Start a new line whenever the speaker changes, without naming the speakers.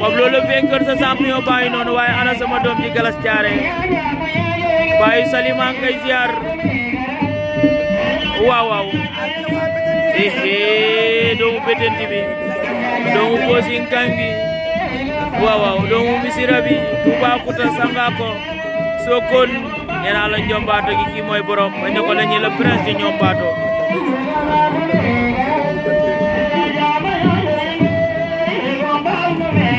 Pablo le vainqueur sa champion baa ngi noonu waaye ana sama doom ji Galas Thiaré baayu Salima ngay ziar waaw waaw ehe eh, doomu betenti bi doomu Bosinkan bi waaw waaw doomu Misira bi Toubacouta Sangako Sokone nee naa la Niombato gi kii mooy borom ba ne ko la ñu le prince di